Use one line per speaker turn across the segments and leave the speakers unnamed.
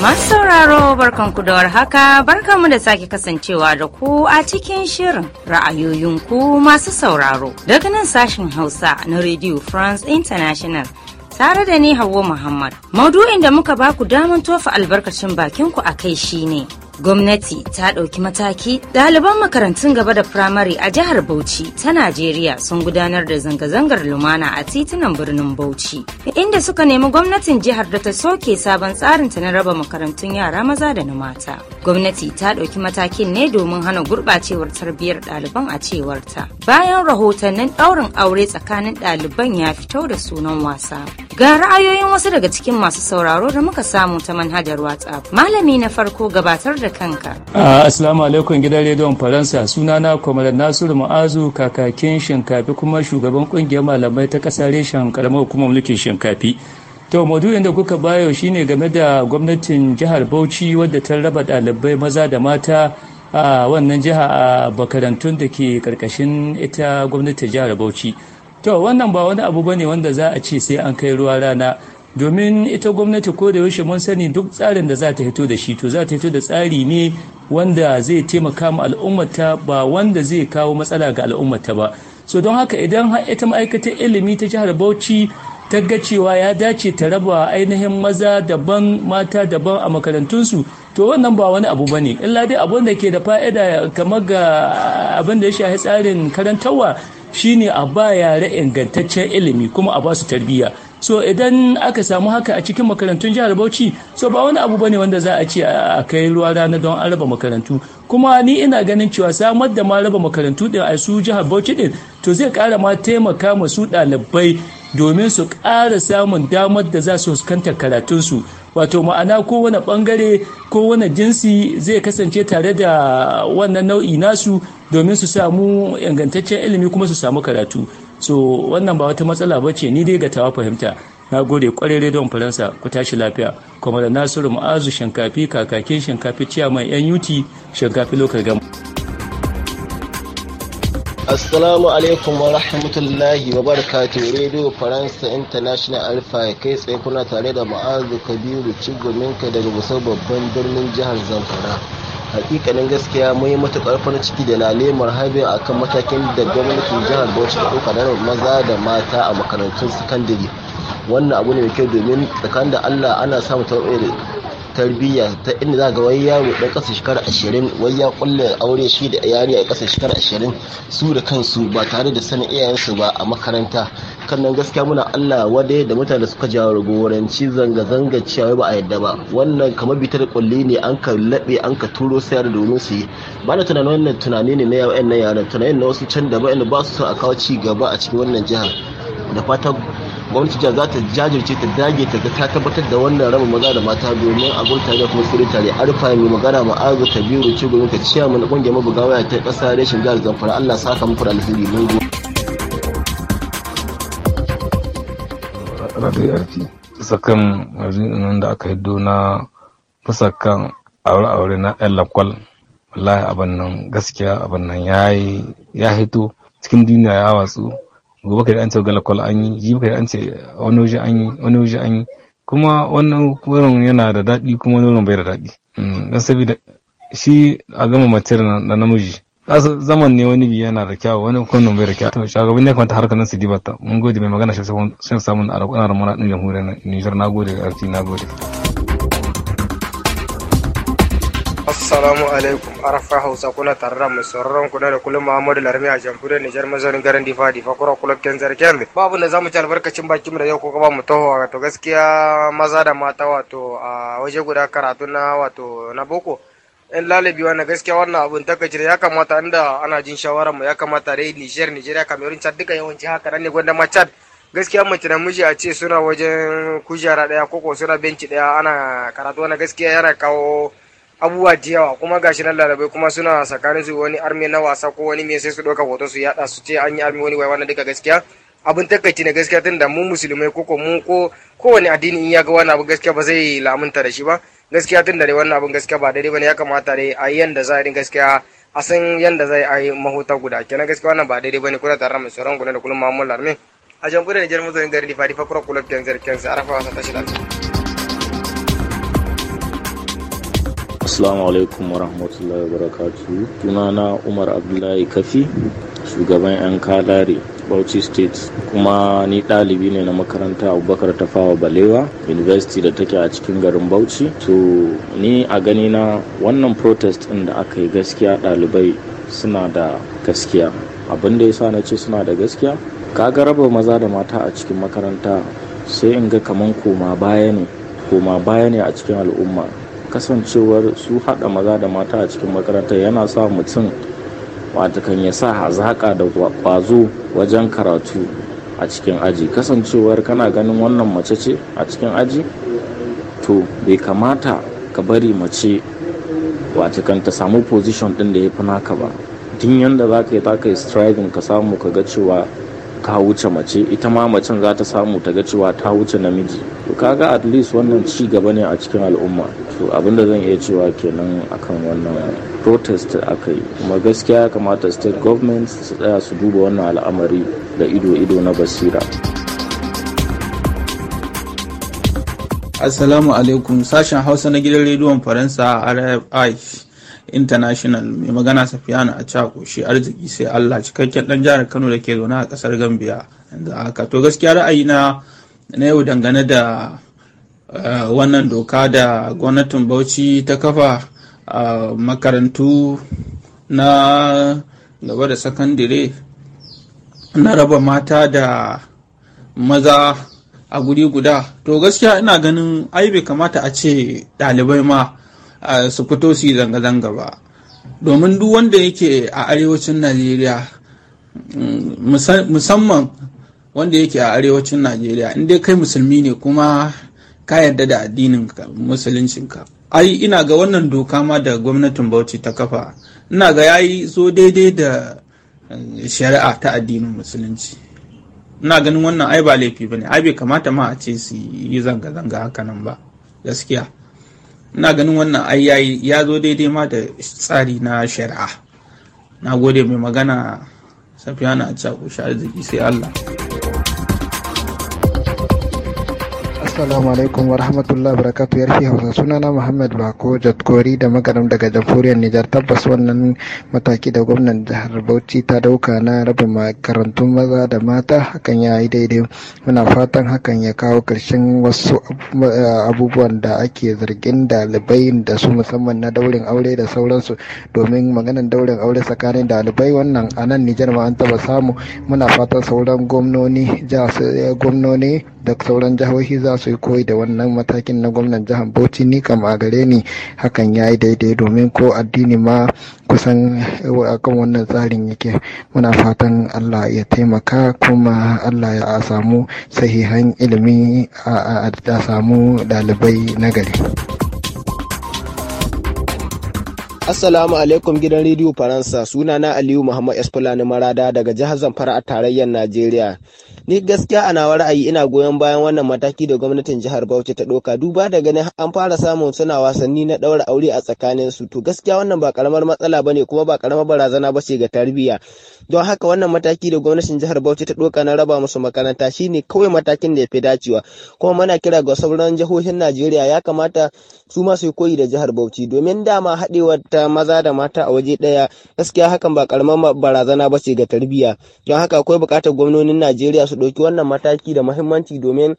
Masu sauraro barkanku da warhaka barkanmu da sake kasancewa da ku a cikin shirin ra'ayoyinku masu sauraro daga nan sashen Hausa na Radio France International tare da ni Hauwa Muhammad. Maudu'in da muka baku damar tofa albarkacin bakinku a kai shine Gwamnati ta ɗauki mataki ɗaliban makarantun gaba da firamare a jihar Bauchi ta Najeriya sun gudanar da zanga-zangar lumana a titunan birnin Bauchi, inda suka nemi gwamnatin jihar da ta soke sabon tsarinta na raba makarantun yara maza da na mata. gwamnati ta ɗauki matakin ne domin hana gurɓacewar tarbiyyar ɗaliban a cewarta bayan rahotannin ɗaurin aure tsakanin ɗaliban ya fito da sunan wasa ga ra'ayoyin wasu daga cikin masu sauraro da muka samu ta manhajar whatsapp malami na farko gabatar da kanka assalamu
alaikum gidan rediyon faransa sunana kwamar nasiru ma'azu kakakin shinkafi kuma shugaban kungiyar malamai ta ƙasar reshen karamar hukumar mulkin shinkafi to maudu'in da kuka bayo shine game da gwamnatin jihar bauchi wadda ta raba dalibai maza da mata a wannan jiha a makarantun da ke karkashin ita gwamnatin jihar bauchi to wannan ba wani abu bane wanda za a ce sai an kai ruwa rana domin ita gwamnati ko da yaushe mun sani duk tsarin da za ta hito da shi to za ta hito da tsari ne wanda zai taimaka ma al'ummata ba wanda zai kawo matsala ga al'ummata ba so don haka idan ita ma'aikatar ilimi ta jihar bauchi ta ga cewa ya dace ta raba ainihin maza daban mata daban a makarantunsu to wannan ba wani abu bane illa dai abun da ke da fa'ida kamar ga abin da ya shafi tsarin karantarwa shine a ba yare ingantaccen ilimi kuma a ba su tarbiyya so idan aka samu haka a cikin makarantun jihar bauchi so ba wani abu bane wanda za a ce a kai ruwa rana don an raba makarantu kuma ni ina ganin cewa samar da ma raba makarantu din a su jihar bauchi din to zai kara ma taimaka ma su ɗalibai domin su ƙara samun damar da za su huskanta karatunsu wato ma'ana kowane ɓangare kowane jinsi zai kasance tare da wannan nau'i nasu domin su samu ingantaccen ilimi kuma su samu karatu so wannan ba wata matsala ba ce ni dai ga tawa fahimta na gode kwarai don faransa ku tashi lafiya kuma da nasiru ma'azu shinkafi kakakin shinkafi ciyaman yan yuti shinkafi lokal gama
Assalamu alaikum wa rahmatullahi wa barakatu Radio Faransa International Alpha kai tsaye kuna tare da ma'azu Kabiru Cigominka daga wasu babban birnin jihar Zamfara. Hakikanin gaskiya mun yi matukar farin ciki da lalemar a akan matakin da gwamnatin jihar Bauchi ta ɗauka maza da mata a makarantun sakandare. Wannan abu ne mai kyau domin tsakanin da Allah ana samun tarbiyyar tarbiyya ta inda za ga wai yaro ɗan ƙasa shekara ashirin wai ya kulle aure shi da yari a ƙasa shekara ashirin su da kansu ba tare da sanin iyayensu ba a makaranta kan nan gaskiya muna Allah wadai da mutane suka jagoranci zanga-zanga cewa ba a yadda ba wannan kamar bitar kulli ne an ka laɓe an ka turo sayar domin su yi ba da tunanin wannan tunani ne na yawan na yaran tunanin na wasu can da ba ba su so a kawo ci gaba a cikin wannan jihar da fata gwamnati jihar za ta jajirce ta dage ta ga ta tabbatar da wannan raba maza da mata domin a gurta da kuma sirri tare arfa mai magana ma arzu kabiru ce gurin ka ciya mana kungiyar mabuga waya ta kasa reshen jihar zamfara allah saka muku da alheri mun gode.
sakan nan da aka hiddo na fusakan aure-aure na yan lakwal wallahi abin nan gaskiya abin nan ya hito cikin duniya ya watsu gobe kai an tsogala kwal an yi jibi kai an ce wani wuji an yi wani wuji an yi kuma wannan wurin yana da daɗi kuma wani bai da daɗi mm, don saboda shi a gama matar da namiji zaman ne wani biyu yana da kyawu wani kwanon bai da kyawu to shagabin ne kwanta harkar nan su dibata mun gode mai magana shi samun a rakunar muna ɗin jamhuriyar nijar na gode ƙarfi na gode.
Assalamu alaikum arafa hausa kuna tare da mai sauraron kuna da kullum Muhammadu Larmi a jamhuriyar Nijar mazarin garin Difa Difa kura kulob Kenzar Babu da zamu ci albarkacin bakin mu da yau ko ba mu taho wato gaskiya maza da mata wato a waje guda karatu na wato na boko. in lalabi wannan gaskiya wannan abun takaice ya kamata inda ana jin shawarar mu ya kamata dai Niger Nigeria Cameroon Chad duka yawanci haka da ne gwanda ma Chad gaskiya mace da miji a ce suna wajen kujera daya koko suna benci daya ana karatu wannan gaskiya yana kawo abubuwa da yawa kuma gashi nan larabai kuma suna tsakanin su wani army na wasa ko wani mai sai su ɗauka hoto su yaɗa su ce an yi army wani wai wannan duka gaskiya abin takaici ne gaskiya tun da mu musulmai ko mu ko kowane addini in ya ga wani abu gaskiya ba zai lamunta da shi ba gaskiya tun da dai wannan abin gaskiya ba daidai bane ya kamata dai a yi yanda za a yi gaskiya a san yanda zai a yi mahuta guda kenan gaskiya wannan ba daidai bane kuna tare mai tsoron gudanar da kullum ma'amular ne a jamhuriyar Nijar mazoyin gari Difa Difa Kura kulab Kenzar Kenzar Arafa wasa tashi lafiya.
Assalamu alaikum warahmatullahi wabarakatuh. Sunana Umar Abdullahi Kafi, shugaban 'yan kalare Bauchi State kuma ni ɗalibi ne na makaranta Abubakar Tafawa Balewa University da take a cikin garin Bauchi. To ni a gani na wannan protest ɗin da aka yi gaskiya ɗalibai suna da gaskiya. Abin da ya sa na ce suna da gaskiya? Ka ga raba maza da mata a cikin makaranta sai in ga kaman koma baya ne. Koma baya ne a cikin al'umma. kasancewar su haɗa maza da mata a cikin makarantar yana sa mutum watakan ya sa hazaƙa da ƙwazo wajen karatu a cikin aji kasancewar kana ganin wannan mace ce a cikin aji to bai kamata ka bari mace watakan ta samu position ɗin da ya fi naka ba tun yadda za ka yi za ka yi striving ka samu ka ga cewa ka wuce mace ita ma macen za ta samu ta ga cewa ta wuce namiji to kaga at least wannan ci gaba ne a cikin al'umma to abin da zan iya cewa kenan akan wannan protest aka yi kuma gaskiya ya kamata state government su tsaya su duba wannan al'amari da ido-ido na basira.
Assalamu alaikum sashen Hausa na gidan rediyon Faransa RFI. international mai magana safiyana a cako shi arziki sai allah cikakken dan jihar kano da ke zaune a kasar gambia yanzu haka to gaskiya ra'ayina na yau dangane da eh, wannan doka da gwamnatin bauchi ta kafa makarantu na gaba da sakandire na raba mata da maza a guri guda to gaskiya ina ganin ai bai kamata a ce ɗalibai ma su fito su yi zanga-zanga ba domin duk wanda yake a arewacin najeriya musamman wanda yake a arewacin najeriya in dai kai musulmi ne kuma ka yarda da addinin musuluncinka ai ina ga wannan doka ma da gwamnatin bauchi ta kafa ina ga yayi zo daidai da eh, shari'a ta addinin musulunci ina ganin wannan ai ba laifi ne ai bai kamata ma a ce su yi zanga-zanga haka nan ba gaskiya ina ganin wannan ai ya zo daidai ma da tsari na shari'a na gode mai magana safiya na a cakushi arziki sai allah
Assalamu alaikum wa rahmatullahi barakatu yarfi hausa sunana Muhammad Bako Jatkori da magaram daga jamhuriyar Nijar tabbas wannan mataki da gwamnan jihar Bauchi ta dauka na raba makarantun maza da mata hakan ya yi daidai muna fatan hakan ya kawo karshen wasu abubuwan da ake zargin dalibai da su musamman na daurin aure da sauransu domin maganar daurin aure tsakanin dalibai wannan a nan Nijar ma an taba samu muna fatan sauran gwamnoni da sauran jihohi za su sai koyi da wannan matakin na gwamnan jihar bauchi ni kam a gare ni hakan ya yi daidai domin ko addini ma kusan eh, akan wannan tsarin yake muna fatan allah ya taimaka kuma allah ya samu sahihan ilimi a samu dalibai na gari.
Assalamu alaikum gidan rediyo Faransa sunana Aliyu Muhammad Esfulani Marada daga jihar Zamfara a tarayyar Najeriya. ni gaskiya a nawa ra'ayi ina goyon bayan wannan mataki da gwamnatin jihar Bauchi ta doka duba da ganin an fara samun suna wasanni na ɗaura aure a tsakanin su to gaskiya wannan ba karamar matsala bane kuma ba karamar barazana bace ga tarbiyya don haka wannan mataki da gwamnatin jihar Bauchi ta ɗauka na raba musu makaranta shine kawai matakin da ya fi dacewa kuma muna kira ga sauran jihohin Najeriya ya kamata su ma su koyi da jihar Bauchi domin dama haɗewar ta maza da mata a waje ɗaya gaskiya hakan ba karamar barazana bace ga tarbiyya don haka akwai buƙatar gwamnonin Najeriya su su ɗauki wannan mataki da muhimmanci domin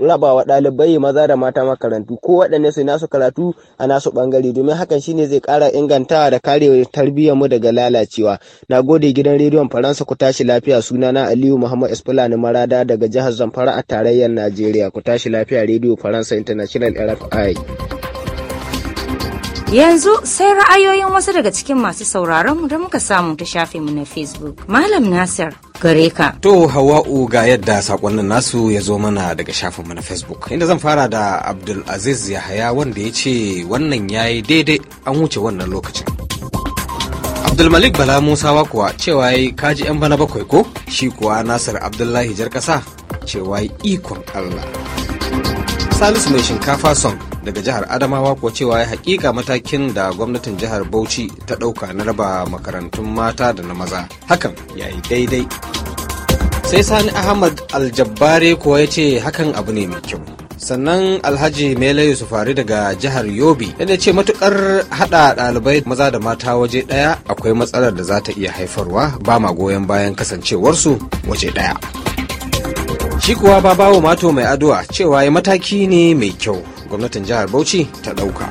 rabawa ɗalibai maza da mata makarantu ko waɗanne su nasu karatu a nasu ɓangare domin hakan shine zai ƙara ingantawa da kare tarbiyyar mu daga lalacewa na gode gidan rediyon faransa ku tashi lafiya sunana aliyu muhammad ni marada daga jihar zamfara a tarayyar najeriya ku tashi lafiya rediyo faransa international rfi
Yanzu sai ra'ayoyin wasu daga cikin masu sauraron da muka samu ta shafe mu na Facebook. Malam Nasir
gare ka. To Hawa'u ga yadda sakonnin nasu ya zo mana daga shafin mu na Facebook. Inda zan fara da Abdul Aziz Yahaya wanda ya ce wannan ya yi daidai an wuce wannan lokacin. Abdulmalik Bala Musawa kuwa cewa yayi kaji 'yan bana bakwai ko? Shi kuwa Nasir Abdullahi Jarkasa cewa ikon Allah. Salisu mai shinkafa song daga jihar Adamawa ko cewa ya hakika matakin da gwamnatin jihar Bauchi ta ɗauka na raba makarantun mata da na maza. Hakan ya yi daidai. Sai Sani Ahmad Aljabbare kuwa ya ce hakan abu ne mai kyau. sannan alhaji mele yusufari daga jihar yobe yadda ce matukar hada dalibai maza da mata waje daya akwai matsalar da za ta iya haifarwa ba ma goyon bayan kasancewarsu waje daya Shi kuwa babawo mato mai addu'a cewa ya mataki ne mai kyau gwamnatin jihar Bauchi ta ɗauka.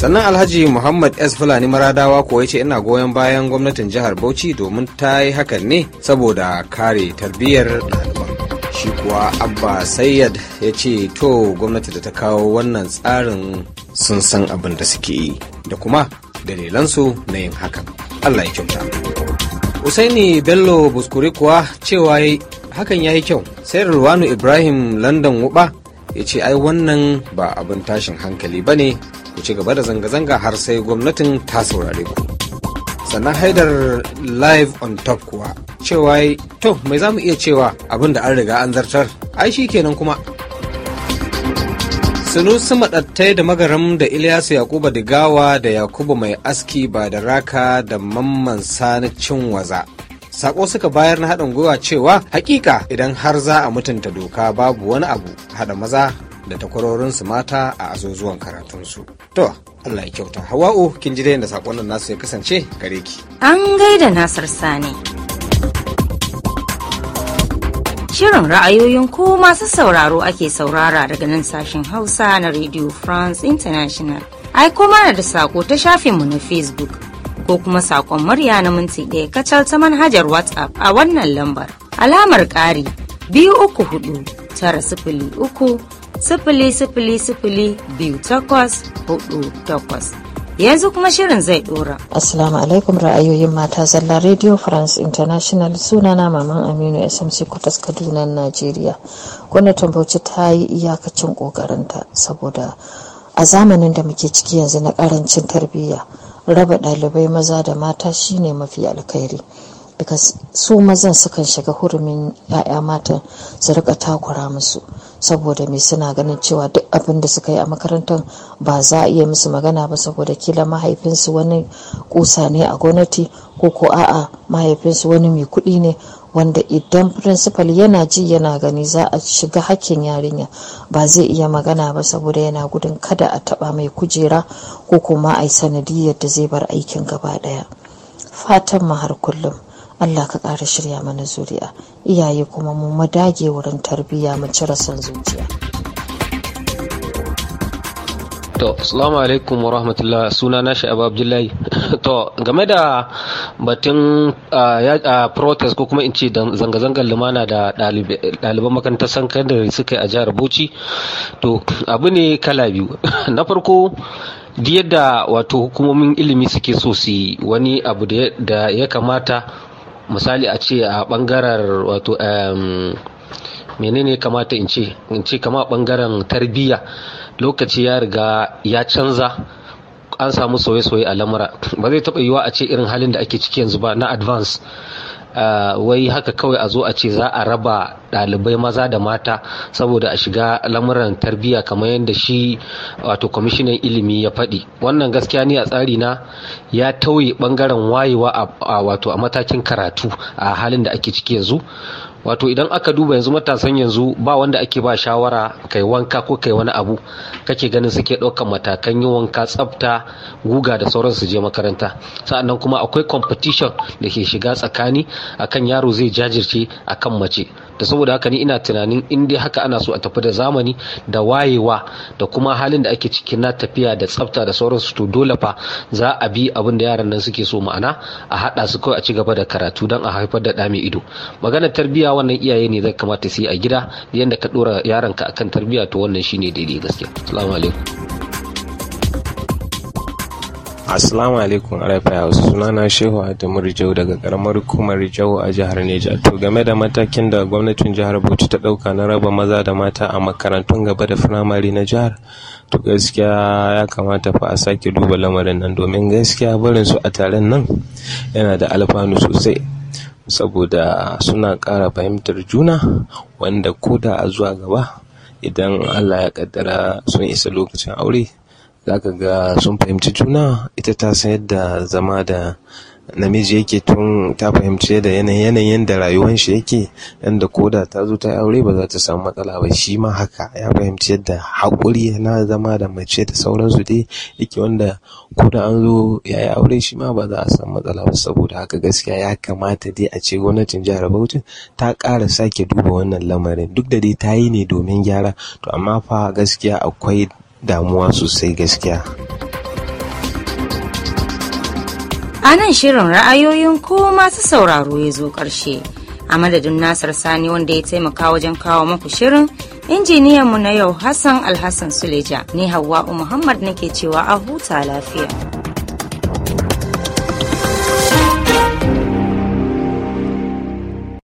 Sannan Alhaji Muhammad S. Fulani Maradawa ko ya ce ina goyon bayan gwamnatin jihar Bauchi domin ta yi hakan ne saboda kare tarbiyyar ɗaliban. Shi kuwa Abba Sayyad ya ce to gwamnati da ta kawo wannan tsarin sun san abin da suke yi da kuma dalilansu na yin hakan. Allah ya kyauta. Usaini Bello Buskuri kuwa cewa hakan ya yi kyau sai ruwanu ibrahim london wuba ya ce ai wannan ba abin tashin hankali ba ne ku ci gaba da zanga-zanga har sai gwamnatin ta saurare ku sannan haidar live on top kuwa cewa to mai za mu iya cewa abin da an riga an zartar ai shi kenan kuma sunusu maɗattai da magaram da ilyasu yakuba digawa da yakubu mai aski ba da raka da mamman sani cin waza. sako suka bayar na haɗin gwiwa cewa hakika idan har za a mutunta doka babu wani abu haɗa maza da takwarorinsu mata a azuzuwan karatunsu. To, Allah ya kyauta. Hawa'u, kin ji dai da sakon nasu ya kasance gare ki.
An gaida nasar Sani. Shirin ra'ayoyin ko masu sauraro ake saurara daga nan sashen Hausa na Radio France International. Ai mana da sako ta mu na Facebook ko kuma saƙon murya na minti ɗaya kacal ta manhajar WhatsApp a wannan lambar. Alamar ƙari biyu uku hudu tara sifili uku sifili sifili sifili biyu takwas hudu takwas. yanzu kuma shirin zai ɗora.
Assalamu alaikum ra'ayoyin mata zalla Radio France International sunana Maman Aminu SMC Kutas Kaduna Najeriya. kuna tambauci ta yi iyakacin kokarinta saboda a zamanin da muke ciki yanzu na karancin tarbiyya. raba ɗalibai maza da mata shine mafi alkhairi because su mazan sukan shiga hurumin 'ya'ya matan su rika takura musu saboda me suna ganin cewa duk abin da suka yi a makarantar ba za a iya musu magana ba saboda kila mahaifinsu wani kusa ne a gwamnati ko ko a'a mahaifinsu wani mai kuɗi ne wanda idan principal yana ji yana gani za a shiga hakkin yarinya ba zai iya magana ba saboda yana gudun kada a taba mai kujera ko kuma a yi sanadiyar da zai bar aikin gaba daya fatan mahar har kullum Allah ka ƙara shirya mana zuri'a iyaye kuma mu madage wurin tarbiyya mu cire son zuciya
To, salamu alaikum wa rahmatullah suna na sha'aba Abdullahi. To, game da batun protest ko kuma in ce zanga-zangar lumana da ɗaliban makarantar sankandare suka yi a jihar Bauchi, to abu ne kala biyu. Na farko, yadda wato hukumomin ilimi suke so su yi wani abu da ya kamata misali a ce a bangarar wato menene kamata in ce in ce kama bangaren tarbiyya lokaci ya riga ya canza an samu soye-soye a lamura ba zai taba yiwa a ce irin halin da ake ciki yanzu ba na advance ah, wai haka kawai a zo a ce za a raba dalibai maza da mata saboda a shiga lamuran tarbiyya kamar yadda shi wato kwamishinan ilimi ya faɗi wannan gaskiya ne a tsari na ya tauye bangaren wayewa a wato a matakin karatu a halin da ake ciki yanzu wato idan aka duba yanzu matasan yanzu ba wanda ake ba shawara kai wanka ko kai wani abu kake ganin suke ɗaukan matakan yin wanka tsafta guga da sauran su je makaranta sa'annan kuma akwai competition da ke shiga tsakani akan yaro zai jajirce akan mace da saboda haka ni ina tunanin in dai haka ana so a tafi da zamani da wayewa da kuma halin da ake ciki na tafiya da tsafta da sauransu to dole fa za a bi abin da yaran nan suke so ma'ana a haɗa su kawai a ci gaba da karatu don a haifar da dami ido maganar tarbiyya wannan iyaye ne zai kamata su yi a gida yadda ka ɗora yaranka akan tarbiyya to wannan shine daidai gaskiya assalamu alaikum
Assalamu alaikum Arafai suna sunana Shehu Adamu Rijau daga karamar hukumar jau a jihar Neja. To game da matakin da gwamnatin jihar Bauchi ta dauka na raba maza da mata a makarantun gaba da firamare na jihar to gaskiya ya kamata fa a sake duba lamarin nan domin gaskiya barin su a taron nan yana da alfanu sosai saboda suna ƙara fahimtar juna wanda ko da a zuwa gaba idan Allah ya kaddara sun isa lokacin aure za ka ga sun fahimci juna ita ta san yadda zama da namiji yake tun ta fahimci da yanayin da rayuwar shi yake yadda koda ta zo ta aure ba za ta samu matsala ba shi ma haka ya fahimci yadda haƙuri na zama da mace da sauransu dai yake wanda koda an zo ya yi aure shi ma ba za a samu matsala ba saboda haka gaskiya ya kamata dai a ce gwamnatin jihar Bauchi ta ƙara sake duba wannan lamarin duk da dai ta yi ne domin gyara to amma fa gaskiya akwai damuwa sosai gaskiya
a nan shirin ra'ayoyin ko masu sauraro ya zo ƙarshe a madadin nasar sani wanda ya taimaka wajen kawo maku shirin injiniyan mu na yau hassan alhassan suleja ni hawa muhammad nake cewa a huta lafiya